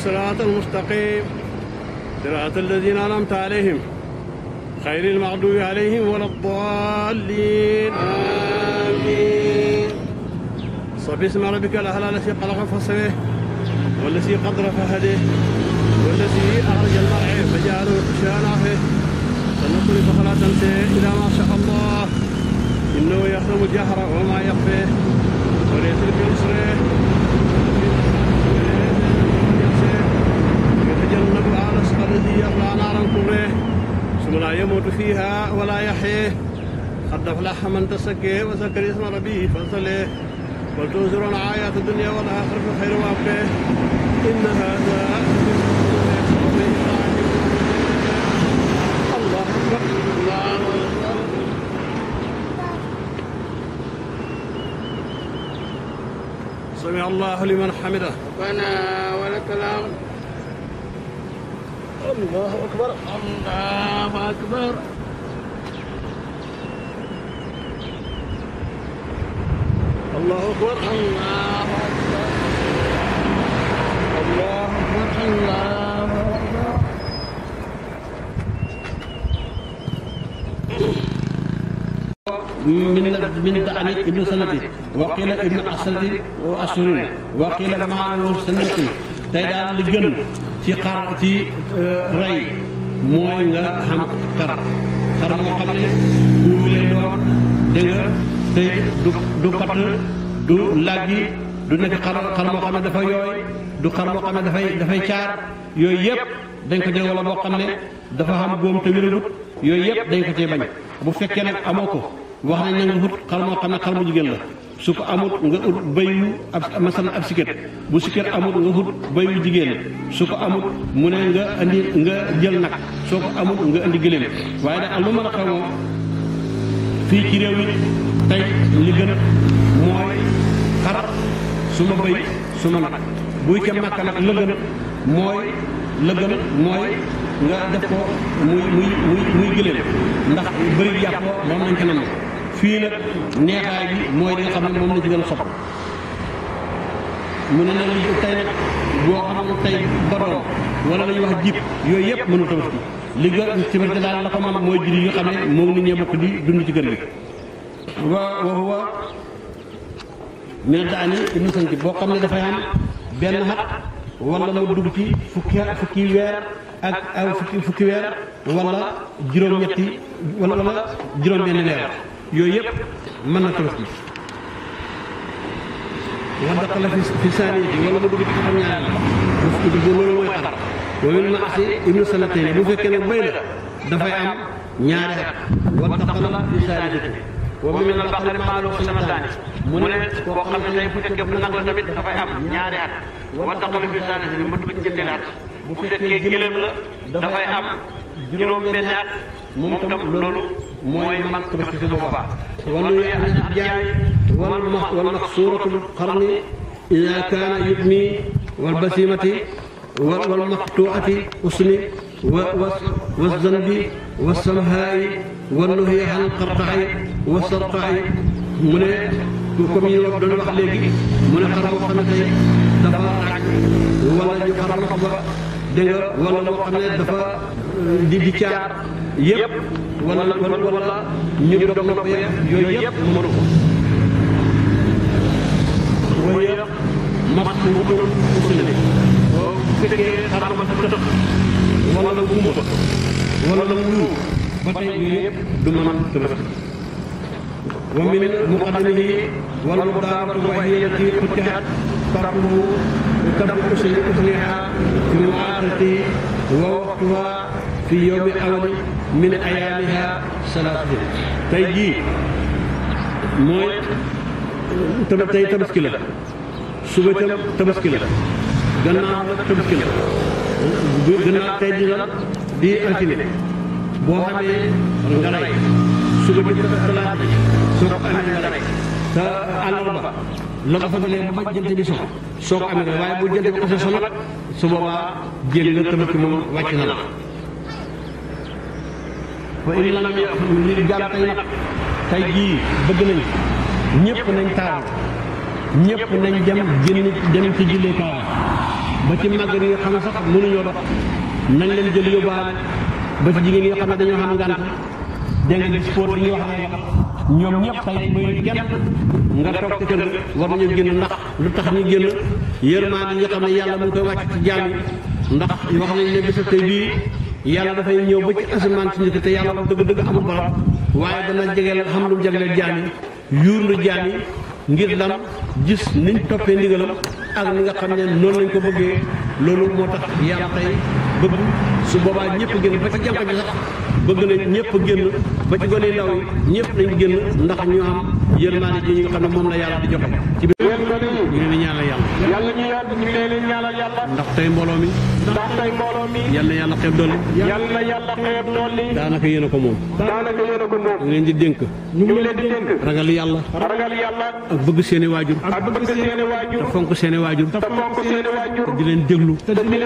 الصراط المستقيم صراط الذين أنعمت عليهم خير المغضوب عليهم ولا الضالين آمين صب اسم ربك الأعلى الذي خلق فسواه والذي قدر فهديه والذي أخرج المرعى فجعله غثاء نحوه سنقرئك فلا تنسى إلا ما شاء الله إنه يعلم الجهر وما يخفى وليس بمصره أسقل لي الله نارا كبرى ثم لا يموت فيها ولا يحيى قد أفلح من تزكى وذكر اسم ربه فصلى بل تنظرون آيات الدنيا والآخرة خير وأبقى إن هذا الله أكبر الله أكبر سمع الله لمن حمده ربنا ولك الحمد الله أكبر الله أكبر الله أكبر الله أكبر الله أكبر الله أكبر من من علي ابن سنتي وقيل ابن عسد وأشرين وقيل مع سنتي tey daal li gën ci xar ci euh, rey mooy nga xam xar xar moo xam ne buur lay doon dégg te du du patt du laggi du nekk xar moo xam ne dafa yooy du xar moo xam ne dafay dafay caar yooyu yëpp dañ ko jël wala boo xam ne dafa xam góom te wéragut yooyu yëpp dañ ko cee bañ bu fekkee nag amoo ko wax nañ na nga xut xar moo xam ne xar mu jigéen la su ko amut nga ut bayu ab masalan ab sikkat bu sikkat amut nga ut bayu jigéen su ko amut mu ne nga andi nga jël nag soo ko amut nga indi gëléem waaye daal lu mën a xew moom fii ci réew mi tey li gën mooy xar su ma bay su ma nag buy ca màkk nag la gën mooy la gën mooy nga def ko muy muy muy muy gëléem ndax bëri yàpp moom nañ ca nangu fii nag neexaay mooy li xam ne moom la ci gën a sopp mu ne nag tey nag boo xamul tey badoo wala la ñuy wax jib yooyu yëpp mënul tabaski mooy jur yi nga xam ne di dund gi wa wa huwa min daani boo xam ne dafay am benn xat wala mu dugg ci fukki fukki weer ak ak fukki fukki weer wala juróom-ñetti wala juróom-benn weer yooyu yëpp mën na ko la gis. nga dàqale fi fi saani bi wala mu dugg ci xam na asi dafay am ñaari at wa dàqala fi saani bi wa min al baqari maalu koo xam ne tey bu fekkee bu nag la tamit dafay am ñaari at wa dàqala fi saani mu fekkee gëlëm la dafay am juróom benn at moom tam loolu mooy màkk ba ci su boobaa wala jaay wal wal maqsuuratul xarni ida kaana yubni wal basimati wal maqtuati usni wa zanbi wa samhaayi wa nuhiya an qarqaay wa sarqaay mu ne comme yi wax doon wax léegi mu ne xar boo xam ne tey dafa ak wala ñu xar wax ba dégg nga wala boo xam ne dafa euh, di di caar yëpp wala wala ñu dog na ko yeex yooyu yëpp mënu ko mooy yëpp ko ne ma sa tëx wala gumba wala wulu ba tey yooyu yëpp du man tabaski ومن مقدمه والمضافة وهي التي فتحت قبله وتم أصلها في المعارض ووقتها fii yowmi awani min ayaamiha salaatu tey jii mooy tam tey tabaski la suba tam tabaski la gannaaw tabaski la gannaaw tey di la boo xamee nga lay suba bi talaata bi soo ko amee nga lay te àllarba la ko fagalee ba jant bi soxla soo ko amee nga lay waaye bu jant bi xasee solo su boobaa moom wàcc na la wa in lam yaflu li gàll tey nag jii bëgg nañ ñëpp nañ taal ñëpp nañ dem génn dem ci jullikaay ba ci màggat yi xam sax mënuñoo dox nañ leen jël yóbbaale ba ci jigéen yoo xam ne dañoo xam ngànt da nga gis sport yi ñuy wax ne ñoom ñëpp tey muy kenn nga toog ci kër war nañu génn ndax lu tax ñu génn yërmaande yi nga xam ne yàlla mu ngi koy wàcc ci jaam yi wax nañ ne bésu tey bii yàlla dafay ñëw ba ci asamaan si njëkk te yàlla dëgg-dëgg amul barab waaye dana jegeel xam lu mu jagleel jaam yi yuurlu jaam yi ngir lan gis niñ toppee ndigalam ak ni nga xam ne noonu lañ ko bëggee loolu moo tax yàlla tey bëgg su boobaa ñëpp génn ba ci jànq ji sax bëgg nañ ñëpp génn ba ci gone ndaw yi ñëpp nañ génn ndax ñu am yërmaane ji ñi xam ne moom la yàlla di joxe ci biir ñu ngi leen ñaanal yàlla ñu yàlla ñaanal yàlla ndax tey mbooloo mi ndax tey mbooloo mi yàlla yàlla xeeb dolli yàlla daanaka yéen ko moom daanaka di dénk ñu ngi ragal yàlla ragal yàlla ak bëgg seeni waajur ak seeni waajur te fonk seeni waajur te fonk seeni waajur te di leen déglu te di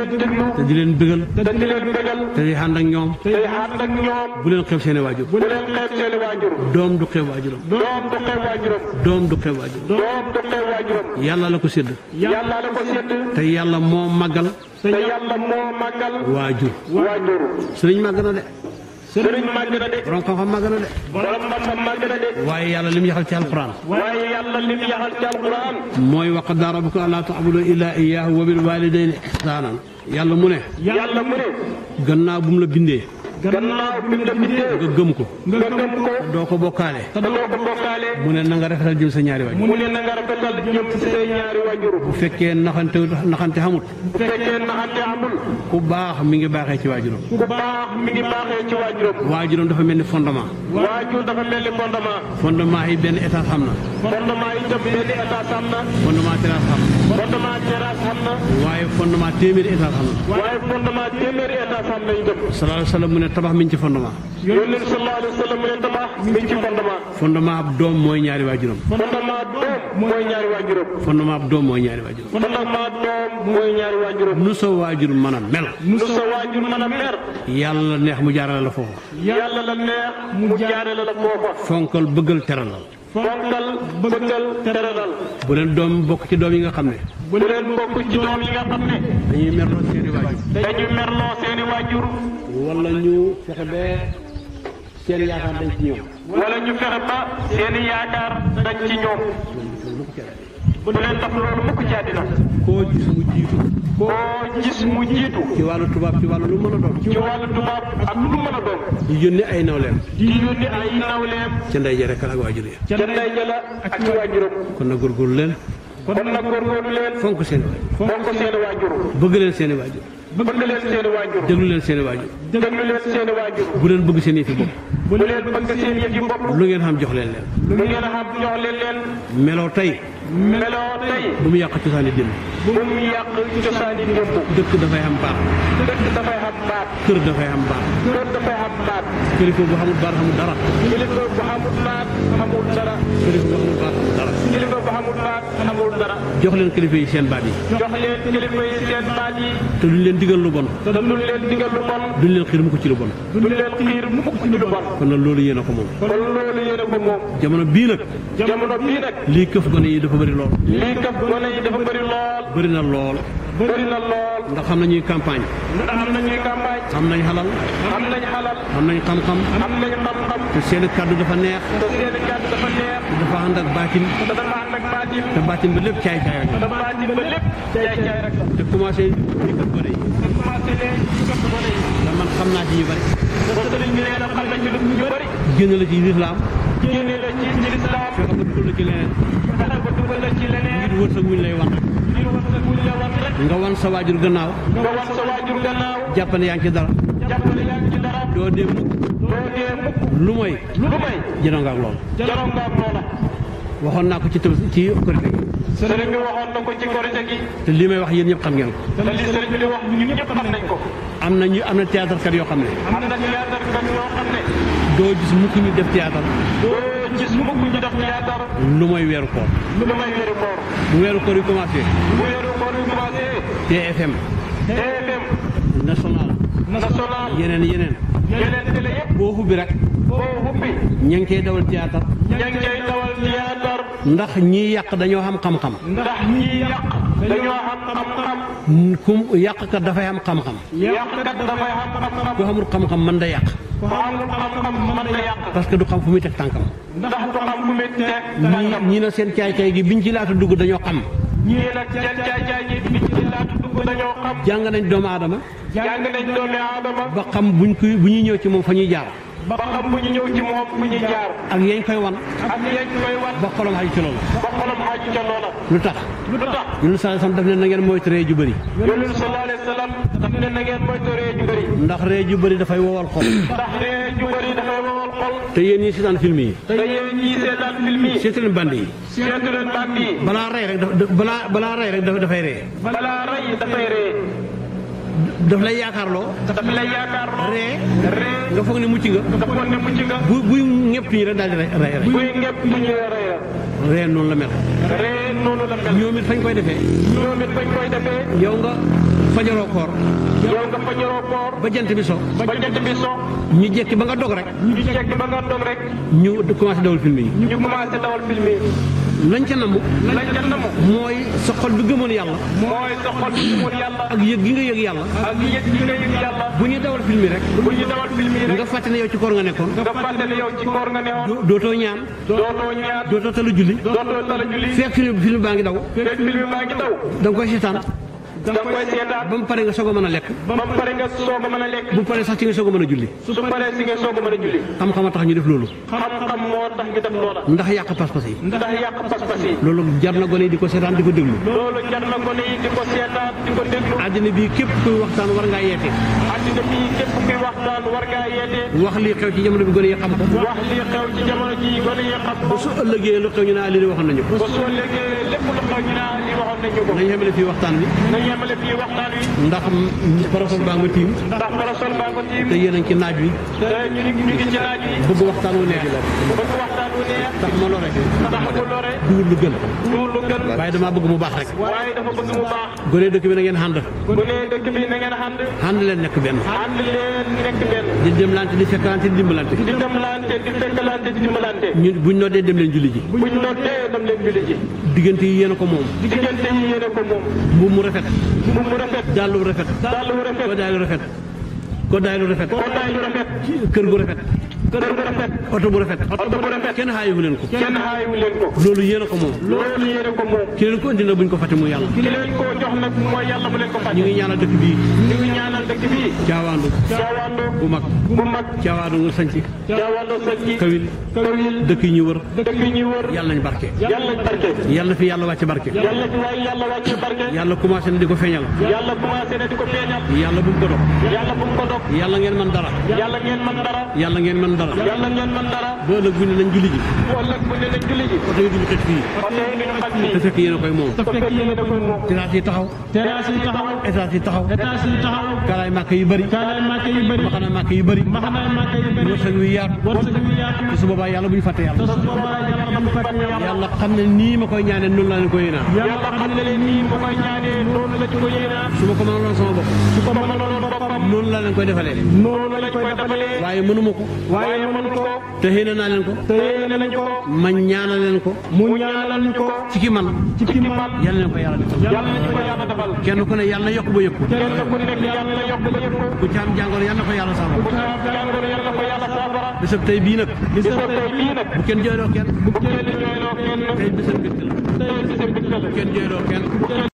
leen déglu te di leen ñoom te di ànd ñoom bu leen xeeb seeni waajur doom du xeeb waajuram xeeb waajuram. doom du xeeb waajuram. doom du xeeb yàlla la ko sédd. te yàlla moo màggal. te yàlla moo màggal. waajur. waajur. màgg na de. sëriñ màgg na de. borom xam-xam màgg na de. waaye yàlla lim yaxal ci alquran. waaye yàlla lim yaxal ci alquran. mooy wa qaddaa rabbuka allaa ta'budu illaa iyyaahu wa bil waalidayni ihsaanan. yàlla mu ne. yàlla mu ne. gannaaw bu mu la bindee. gannaaw bi la bindee nga gëm ko doo ko bokkaale te doo mu ne na nga rafetal jëm sa ñaari waajur bu fekkee naxante naxante xamul bu fekkee naxante amul ku baax mi ngi baaxee ci waajuram ku baax mi ngi baaxee ci waajuram waajuram dafa mel ni fondement waajur dafa mel ni fondement fondement yi benn état xam na fondement yi tam benn état xam na fondement terrasse xam na fondement xam na waaye fondement téeméeri état xam na waaye fondement téeméeri état tabax mi ngi ci fondement. yónnent bi sallallahu alayhi wa sallam mu ne tabax mi ngi ci fondement. fondement ab doom mooy ñaari waajuram. fondement ab doom mooy ñaari waajuram. fondement ab doom mooy ñaari waajuram. fondement ab doom mooy ñaari waajuram. nu sa waajur mën a mel. nu sa waajur mën a mel. yàlla neex mu jaarale la foofu. yàlla la neex mu jaarale la foofu. fonkal bëggal teralal. fonkal bëggal teralal. bu leen doom bokk ci doom yi nga xam ne. bu leen bokk ci doom yi nga xam ne. dañuy merloo seeni waajur. wala ñu fexe ba seen yaakaar dañ ci ñoom. wala ñu fexe ba seen i yaakaar dañ ci ñoom. bu leen tax loolu mukk ci àddina. koo gis mu jiitu. koo gis mu jiitu. ci wàllu tubaab ci wàllu lu mën a doon. ci wàllu tubaab ak lu mën a doon. di yónni ay nawleem. di yónni ay nawleem. ca ndey ja rek ak waajur ya. ca ndey ja la ak waajuram. kon na góorgóorlu leen. kon na góorgóorlu leen. fonk seen i waajur. fonk seen i waajur. bëgg leen seen i waajur. bëgg leen seen i waajur déglu leen seen waajur leen seen i waajur bu leen bëgg seen yëf bopp bu leen bëgg seen yëf bopp lu ngeen xam jox leen leen lu ngeen xam jox leen leen meloo tey meloo tey bu mu yàq cosaani démb bu mu yàq cosaani démb dëkk dafay am baat dëkk dafay am baat kër dafay am baat kër dafay am baat kilifa bu xamul baat xamul dara kilifa bu xamul baat xamul dara kilifa bu xamul baat xamul dara kilifa bu xamul baat xamul dara jox leen kilifa yi seen baat yi jox leen kilifa yi seen baat yi te duñ leen digal lu bon te duñ leen digal lu bon duñ leen xiir mukk ci lu bon duñ leen xiir mukk ci lu bon kon nag loolu yéen a ko moom jamono bii nag. jamono bii nag. lii këf gone yi dafa bëri lool. lii këf gone yi dafa bëri lool. bëri na lool. bëri na lool. ndax xam nañuy campagne. ndax xam nañuy campagne. xam nañ xalal. xam nañ xalal. xam te seen kàddu dafa neex. te seen kàddu dafa neex. te dafa ànd dafa ànd te baatin ba lépp caay te baatin ba lépp caay te commencé di kër gone yi. te man xam naa ci ñu bëri. parce la ci lislaam génne lay wan rek ngir wërsëg wuñ yaa ngi dara doo dee mukk lu mooy lu mooy jënoo nga ak loola waxoon naa ko ci tëb ci korite gi te li may wax yéen ñëpp xam ngeen ko am na ñu am na théâtre kat yoo xam ne am na théâtre kat yoo xam ne doo gis mukk ñu def théâtre. lu mooy weeru koor. lu mooy weeru koor. bu weeru koor yi national. yeneen yeneen. yeneen télé boo xubbi rek. boo xubbi. ngi koy dawal théâtre. ña ngi dawal théâtre. ndax ñiy yàq dañoo xam xam-xam. ndax ñiy yàq dañoo xam xam-xam. kum yàqkat dafay am xam-xam. yàqkat dafay xam-xam. da yàq. ko parce que du xam fu muy teg tànkam. ndax du xam fu muy teg tànkam. ñii na seen caay-caay gi biñ ci laata dugg dañoo xam. laata dugg dañoo xam. jàng nañ doomu aadama. jàng nañ doomu aadama. ba xam buñ koy bu ñuy ñëw ci moom fa ñuy jaar. ba xam bu ñu ñëw ci moom bu ñu jaar. ak yañ koy wan. ak yañ koy wan. ba xolam xaj ci lu tax. lu tax yonent sallallahu alayhi wasallam daf ne na ngeen ree ju bëri. yonent sallallahu alayhi wasallam daf ne na ngeen ju bëri. ndax ree ju bëri dafay wowal xol. ndax ree ju te yéen ñii seetaan film yi. seetaan film yi. seetu leen band yi. balaa rey rek balaa balaa rey rek dafay ree. balaa rey daf lay yaakaarloo. daf lay yaakaarloo ree. ree nga foog ne mucc nga. nga foog ne mucc nga. bu ñëpp ñi rek daal di rey rey. buy ñëpp ñi rey la. noonu la mel. ree noonu la mel. ñoom fañ koy defee. ñoom it fañ koy defee. yow nga fajaroo koor. yow nga fajaroo koor. ba jant bi so. ñu jekki ba nga dog rek. ñu jekki dawal film yi. lañ ca namu. lañ ca namu mooy sa bi gëmoon yàlla. ak yëg gi nga yëg yàlla. ak yëg gi ñu dawal film rek. bu nga fàtte ne yow ci koor nga nekkoon. dootoo ñaan. dootoo ñaan. dootoo tala julli. dootoo tala baa ngi daw. fekk film koy seetaan. da nga koy ba mu pare nga soog a mën a lekk. ba mu bu paree sax ci nga soog a mën a julli. a mën xam-xam a tax ñu def loolu. xam-xam moo tax ñu def loola. ndax yàq pas-pas yi. ndax yàq pas loolu jar na gone yi di ko seetaan di ko déglu. loolu jar na gone yi di ko seetaan di ko déglu. àddina bi képp kuy waxtaan war ngaa yeete. àddina bi képp kuy waxtaan war ngaa yeete. wax lii xew ci jamono bi gone yi xam ko. wax lii xew ci jamono ji gone yi xam ko. ba su ëllëgee lu xew ñu naa lii waxoon nañu ko. lépp lu xew ñu naan lii ndax parasol baa nga tiim. te yéen a ngi ci naaj wi. te ñu ci naaj wi. bëgg waxtaan wu waxtaan wu neex. tax ma lore. tax damaa bëgg mu baax rek. waaye dafa bëgg mu baax. gone benn. di demlante di fekkalante di dimbalante. di demlante di di dimbalante. ñun buñ noddee dem leen diggante yi yéen ko moom. diggante yi yéen ko moom. mu rafet. mbubb mu rafet. dàllu rafet. dàllu rafet. kodaay lu rafet. kodaay lu rafet. rafet. kër gu rafet. kër bu rafet oto bu rafet oto bu rafet kenn xaayiwu leen ko kenn xaayiwu leen ko loolu yéen a ko moom loolu a ko moom indi na buñ ko fàtte mu yàlla ki leen ko jox nag mooy yàlla mu leen ko fàtte ñu ngi ñaanal dëkk ñu ngi kawil kawil yi ñu wër dëkk yi ñu wër nañ barke yàlla nañ barke yàlla fi yàlla wàcc barke yàlla fi yàlla wàcc barke na di ko feeñal yàlla commencé na di ko feeñal dog yàlla bu ko dog yàlla ngeen man dara yàlla ngeen man dara yàlla ngeen man dara dara. yàlla ngeen mën dara. ba ëllëg bu ne nañ julli ji. bu ëllëg bu ne nañ julli ji. oto yi duñu xaj fii. oto yi duñu xaj fii. te fekk yéen a koy moom. te fekk yéen a koy moom. terrasse yi taxaw. terrasse yi taxaw. étage yi taxaw. étage yi taxaw. kaalaay màkk yu bëri. kaalaay màkk yu bëri. maxanaay màkk yu bëri. maxanaay màkk yu bëri. wërsëg yu yaatu. wërsëg yu yaatu. te su boobaa yàlla bu ñu fàtte yàlla. te su boobaa yàlla bu ñu fàtte yàlla. yàlla xam ne nii ma koy ñaanee noonu laa leen koy yéenaa. yàlla xam ne nii ma koy ñaanee noonu la ci ko yéenaa. su ma ko mënaloon sama bopp. su ko mënaloon noonu la leen ko defalee. noonu waaye mënuma ko. waaye ko. te xéene naa leen ko. ma ñaanal leen ko. mu ñaanal ko. ci ki man. ci ki man kenn ku ne yàlla yokk ba yëpp. kenn ku nekk yàlla yokk ba yëpp. ku caam ko yàlla saafara. ku caam jàngoro yal na ko tey bii nag. bisab tey bii bu kenn jooyloo kenn. kenn.